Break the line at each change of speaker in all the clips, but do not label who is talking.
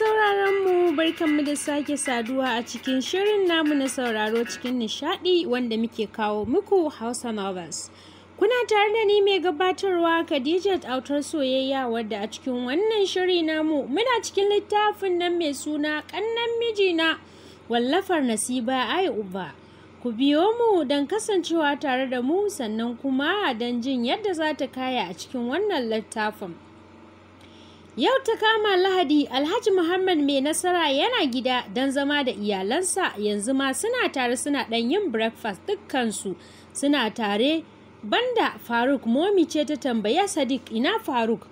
sauraron mu sauraronmu barkanmu da sake saduwa a cikin shirin namu na sauraro cikin nishadi wanda muke kawo muku Hausa Novels. Kuna tare da ni mai gabatarwa Khadijat autar soyayya wadda a cikin wannan shiri namu muna cikin littafin nan mai suna kannan mijina wallafar nasiba ai uba. Ku biyo mu don kasancewa tare da mu sannan kuma don jin yadda za ta kaya a cikin wannan littafin. Yau ta kama Lahadi Alhaji Muhammad mai nasara yana gida don zama da iyalansa yanzu ma suna tare suna ɗan yin breakfast dukkansu suna tare banda Faruk momi ce ta tambaya Sadiq ina Faruk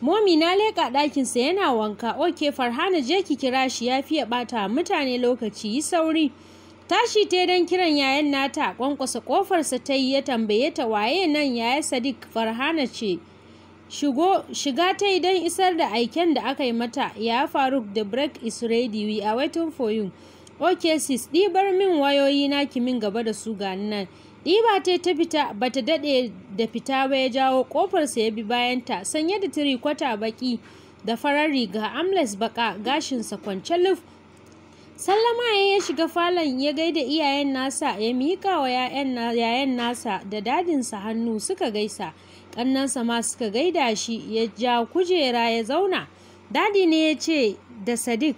momi na leƙa ɗakinsa yana wanka oke Farhana je ki kira shi ya fiye ɓata mutane lokaci yi sauri tashi ta don kiran yayan nata kwankwasa ƙofarsa ta yi ya tambaye ta waye nan yaya Sadiq Farhana ce Shiga ta yi isar da aiken da aka yi mata, ya Faruk da break is ready we are waiting for you. Ok sis, ɗibar min wayoyi na min gaba da su gani nan. Ɗiba ta ta fita bata daɗe da fita ba ya jawo ƙofarsa ya bi bayanta sanye da tiri kwata baƙi da farar riga amles baƙa gashinsa kwance luf. Sallama ya ya shiga falon ya gaida iyayen nasa ya miƙa wa yayan nasa da dadinsa hannu suka gaisa. ƙannansa ma suka gaida shi ya ja kujera ya zauna dadi ne ya ce da sadiq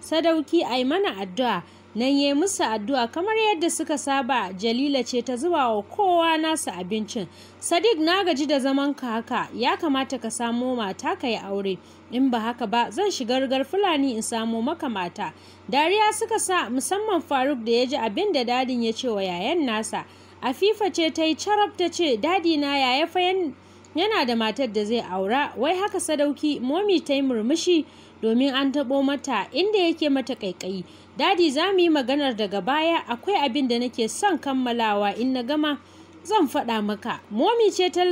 sadauki ai mana addu'a nan ya musu addu'a kamar yadda suka saba jalila ce ta zuba wa kowa nasu abincin sadiq na gaji da zaman ka haka ya kamata ka samo mata ka yi aure in ba haka ba zan shiga gar fulani in samo maka mata dariya suka sa musamman faruk da ya ji abin da dadin ya ce wa yayan nasa Afifa ce ta yi carab ta ce, Dadi na yaya fa yana da matar da zai aura, wai haka sadauki, momi ta yi murmushi domin an taɓo mata inda yake mata ƙaiƙayi. Dadi za mu yi maganar daga baya, akwai abin da nake son kammalawa in na gama zan faɗa maka. Momi ce ta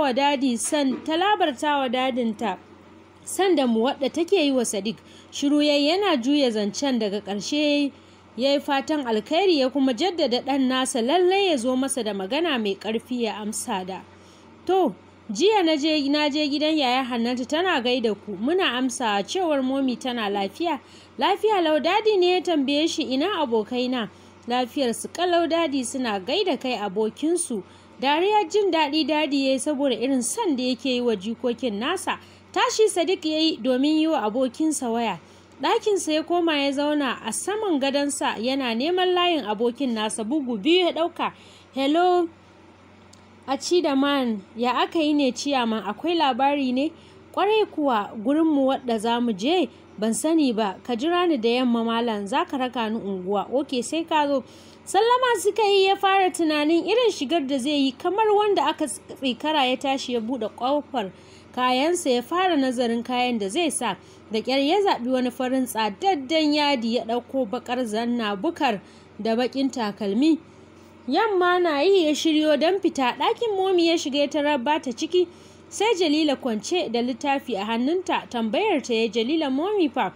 wa dadi san dadinta. Sanda mu wadda take yi wa Sadiq shiru yana juya zancen daga ƙarshe ya yi fatan alkhairi ya kuma jaddada ɗan nasa lallai ya zo masa da magana mai ƙarfi ya amsa da to jiya na je gidan yaya hannatu tana gaida ku muna amsa cewar momi tana lafiya lafiya lau dadi ne ya tambaye shi ina abokaina lafiyar su kalau dadi suna gaida kai abokinsu dariya jin daɗi dadi ya yi saboda irin son da yake yi wa jikokin nasa tashi sadiq ya yi domin yi wa abokinsa waya ɗakinsa ya koma ya zauna a saman gadonsa yana neman layin abokin nasa bugu biyu ya ɗauka hello a ci da man ya aka yi ne ciyaman akwai labari ne kwarai kuwa gurinmu wadda za mu je ban sani ba ka jira ni da yamma malam za ka raka ni unguwa oke sai ka zo sallama suka yi ya fara tunanin irin shigar da zai yi kamar wanda aka tsikara ya tashi ya buɗe ƙofar kayansa ya fara nazarin kayan da zai sa da ƙyar ya zaɓi wani farin tsadaddan yadi ya ɗauko baƙar zanna bukar da baƙin takalmi yamma na yi ya shiryo don fita ɗakin momi ya shiga ta rabba ta ciki sai jalila kwance da littafi a hannunta tambayar ta ya jalila momi fa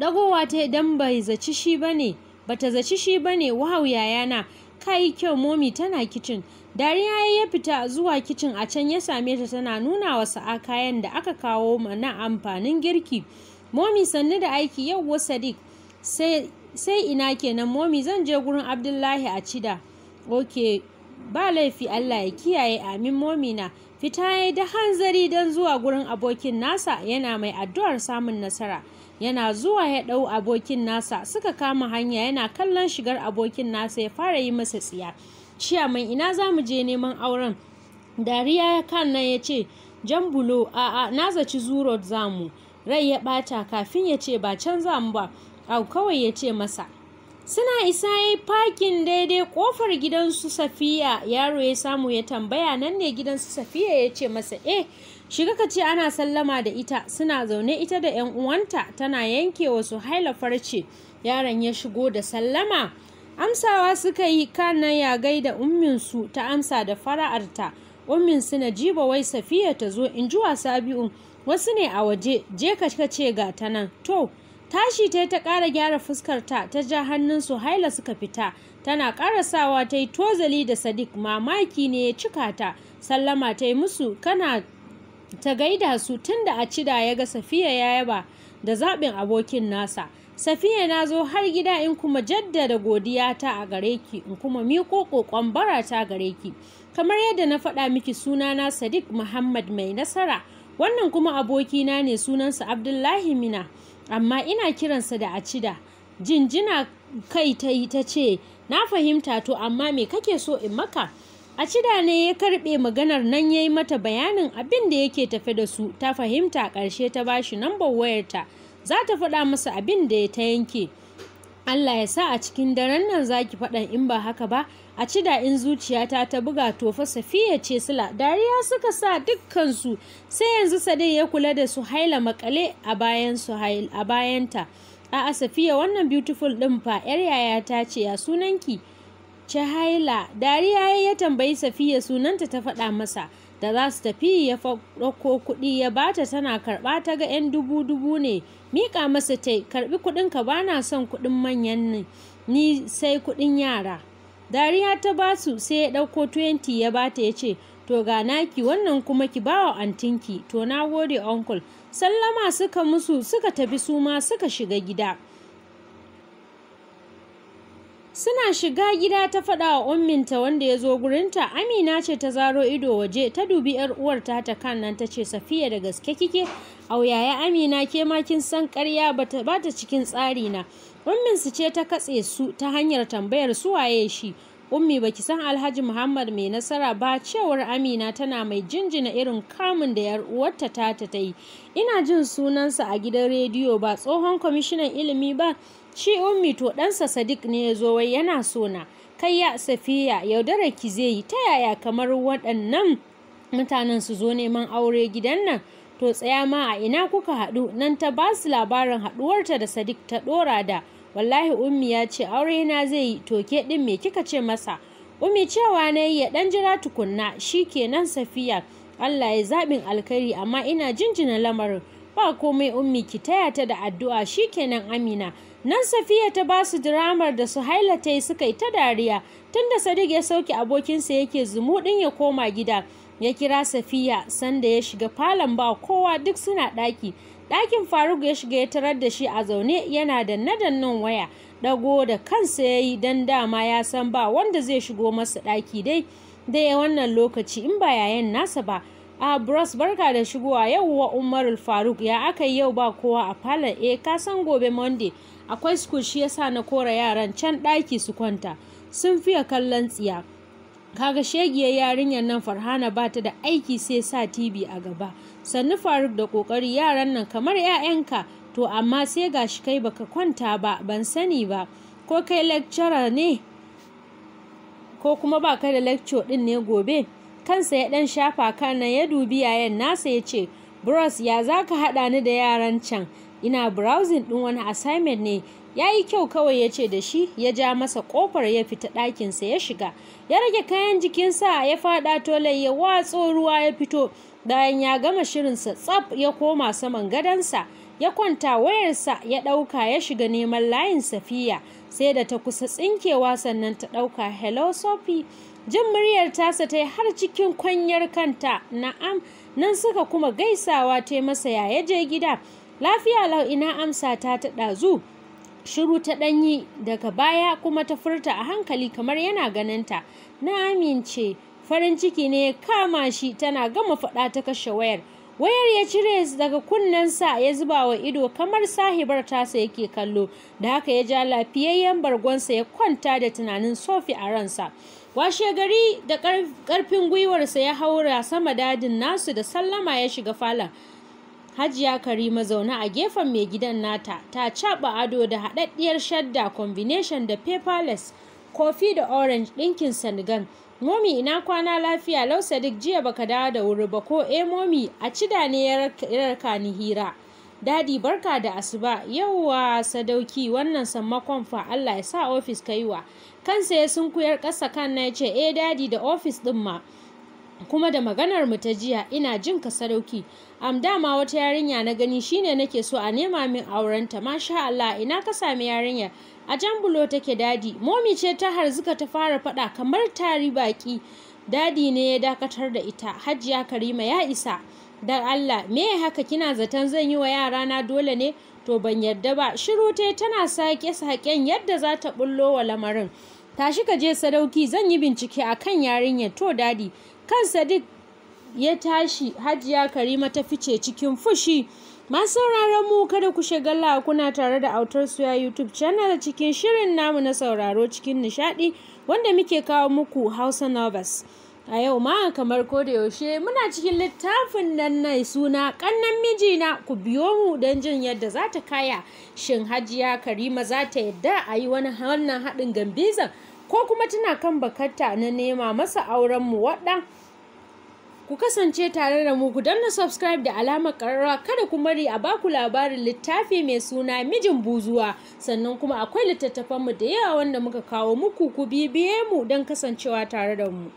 ɗagowa ta idan bai zaci shi ba ne zaci shi bane wahau yayana yi kyau momi tana kicin dariya ya yi fita zuwa kicin a can ya same ta tana nuna wa sa'a kayan da aka kawo mana amfanin girki momi sannu da aiki yauwa sadiq sai sai ina kenan momi zan je gurin abdullahi a cida ok ba laifi allah ya kiyaye amin momi na fita ya da hanzari don zuwa gurin abokin nasa yana mai addu'ar samun nasara yana zuwa ya ɗau abokin nasa suka kama hanya yana kallon shigar abokin nasa ya fara yi masa tsiya mai ina za mu je neman auren dariya ya kan nan ya ce jan bulo a'a na zaci zurot zamu rai ya ɓata kafin ya ce ba can za ba au kawai ya ce masa Suna isa ya yi fakin daidai ƙofar gidansu Safiya, yaro ya samu ya tambaya nan ne gidansu Safiya ya ce masa eh shiga ka ce ana sallama da ita suna zaune ita da 'yan uwanta tana yanke wasu haila farce yaron ya shigo da sallama amsawa suka yi kana ya gaida su ta amsa da fara'arta umminsu na jiba wai safiya ta zo in ji wasu wasu ne a waje je ka ce ga ta nan to tashi ta ta ƙara gyara fuskar ta ta ja hannun su haila suka fita tana ƙarasawa ta yi tozali da sadiq mamaki ne ya cika ta sallama ta yi musu kana ta gaida su tunda a cida ya ga safiya ya yaba da zaɓin abokin nasa safiya na zo har gida in kuma jaddada godiya ta a gare ki in kuma miƙo ƙoƙon bara ta gare ki kamar yadda na faɗa miki sunana sadiq muhammad mai nasara wannan kuma abokina ne sunansa abdullahi mina amma ina kiransa da acida jinjina kai ta yi ta ce na fahimta to amma me kake so in maka acida ne ya karɓe maganar nan ya yi mata bayanin abin da yake tafe da su ta fahimta ƙarshe ta bashi nambar wayarta za ta faɗa masa abin da ta yanke Allah ya sa a cikin daren nan zaki faɗan in ba haka ba a ci da in zuciyata ta buga tofa fa safiya ce sila dariya suka sa dukkansu sai yanzu sadai ya kula da su haila makale a bayan su a bayanta a'a safiya wannan beautiful ɗin fa yar yaya ta ce ya sunanki Chahaila dariya ya tambayi Safiya sunanta ta faɗa masa da za su tafi ya ɗauko kuɗi ya bata tana karɓa ta ga 'yan dubu dubu ne miƙa masa ta karɓi kuɗin ka na son kuɗin manyan ne ni sai kuɗin yara dariya ta basu sai ya ɗauko 20 ya bata ya ce to ga naki wannan kuma ki bawa antinki to na gode uncle sallama suka musu suka tafi su ma suka shiga gida Suna shiga gida ta faɗa wa umminta wanda ya zo gurinta, Amina ce ta zaro ido waje ta dubi ‘yar uwar ta kan nan ta ce Safiya da gaske kike, wuyaya Amina ke ma kin san ƙarya ba ta cikin tsari na. ummin su ce ta katse su ta hanyar tambayar su waye shi. Ummi baki san Alhaji Muhammad mai nasara ba cewar Amina tana mai jinjina irin kamun da yar uwarta ta ta yi. Ina jin sunansa a gidan rediyo ba tsohon kwamishinan ilimi ba shi ummi to ɗansa sadiq ne ya zo wai yana sona kai ya safiya yaudara ki zai yi ta yaya kamar waɗannan mutanen su zo neman aure gidan nan to tsaya ma a ina kuka haɗu nan ta ba su labarin haɗuwarta da sadiq ta ɗora da wallahi ummi ya ce aure na zai yi to ke ɗin me kika ce masa ummi cewa na yi ya ɗan jira tukunna shi kenan safiya allah ya zaɓin alkhairi amma ina jinjina lamarin ba komai ummi ki taya ta da addu'a Shi kenan amina nan safiya ta ba su diramar da su ta yi suka yi ta dariya tunda sadiq ya sauke abokinsa yake zumuɗin ya koma gida ya kira safiya sanda ya shiga falon ba kowa duk suna ɗaki ɗakin faruk ya shiga ya tarar da shi a zaune yana da nadannin waya ɗago da kansa ya yi don dama ya san ba wanda zai shigo masa ɗaki dai dai wannan lokaci in ba yayan nasa ba a bros barka da shigowa yau wa umaru faruk ya aka yau ba kowa a falon e eh, ka san gobe monday akwai school shi yasa na kora yaran can ɗaki su kwanta sun fiye kallon tsiya kaga shegiyar yarinyar nan farhana ba ta da aiki sai sa tv a gaba sannu faruk da kokari yaran nan kamar 'ya'yanka to amma sai gashi kai baka kwanta ba ban sani ba ko kai lecturer ne ko kuma baka da lecture din ne gobe kansa ya ɗan shafa kana ya dubi yayan nasa ya ce bros ya za ka haɗa ni da yaran can ina browsing din wani assignment ne ya yi kyau kawai ya ce da shi ya ja masa ƙofar ya fita ɗakinsa ya shiga ya rage kayan jikinsa ya faɗa tolai ya watso ruwa ya fito bayan ya gama shirinsa tsaf ya koma saman gadonsa ya kwanta wayarsa ya ɗauka ya shiga neman layin safiya sai da ta kusa tsinkewa sannan ta ɗauka hello sophie jin muryar tasa ta har cikin kwanyar kanta na'am nan suka kuma gaisawa ta masa yaya je gida lafiya lau ina amsa ta ta ɗazu shiru ta ɗanyi daga baya kuma ta furta a hankali kamar yana ganinta na amince farin ciki ne ya kama shi tana gama faɗa ta kashe wayar wayar ya cire daga kunnensa ya zuba wa ido kamar sahibar tasa yake kallo da haka ya ja lafiyayyen bargonsa ya kwanta da tunanin sofi a ransa washe gari da karfin gwiwarsa ya haura sama dadin nasu da sallama ya shiga falon hajiya karima zaune a gefen mai gidan nata ta caɓa ado da haɗaɗɗiyar shadda combination da paperless kofi da orange ɗinkin senegal momi ina kwana lafiya lausa duk jiya baka dawo da wuri ba ko eh momi a cida ne ya raka ni hira dadi barka da asuba yauwa sadauki wannan sammakon fa Allah ya sa ofis yi wa kansa ya sunkuyar ƙasa kan na ce eh dadi da ofis ɗin ma kuma da maganar mu ta jiya ina jin ka sadauki am dama wata yarinya na gani shine nake so a nema min aurenta masha Allah ina ka sami yarinya a jan bulo take dadi momi ce ta harzuka ta fara faɗa kamar tari baki dadi ne ya dakatar da ita hajiya karima ya isa dan Allah me haka kina zaton zan yi wa yarana dole ne to ban yarda ba shiru tana sake saken yadda za ta bullo wa lamarin tashi ka je sadauki zan yi bincike akan yarinyar to dadi kan sadiq ya tashi hajiya karima ta fice cikin fushi masu sauraron mu kada ku shagala kuna tare da autar suya youtube channel cikin shirin namu na sauraro cikin nishadi wanda muke kawo muku hausa novels A yau ma kamar ko da yaushe muna cikin littafin nan na suna ƙannan mijina ku biyo mu don jin yadda za ta kaya shin hajiya Karima za ta yadda a yi wani wannan haɗin gambizan ko kuma tana kan bakarta na nema masa auren mu waɗan ku kasance tare da mu ku danna subscribe da alamar ƙararrawa kada ku mari a baku labarin littafi mai suna mijin buzuwa sannan kuma akwai littattafan mu da yawa wanda muka kawo muku ku bibiye mu don kasancewa tare da mu.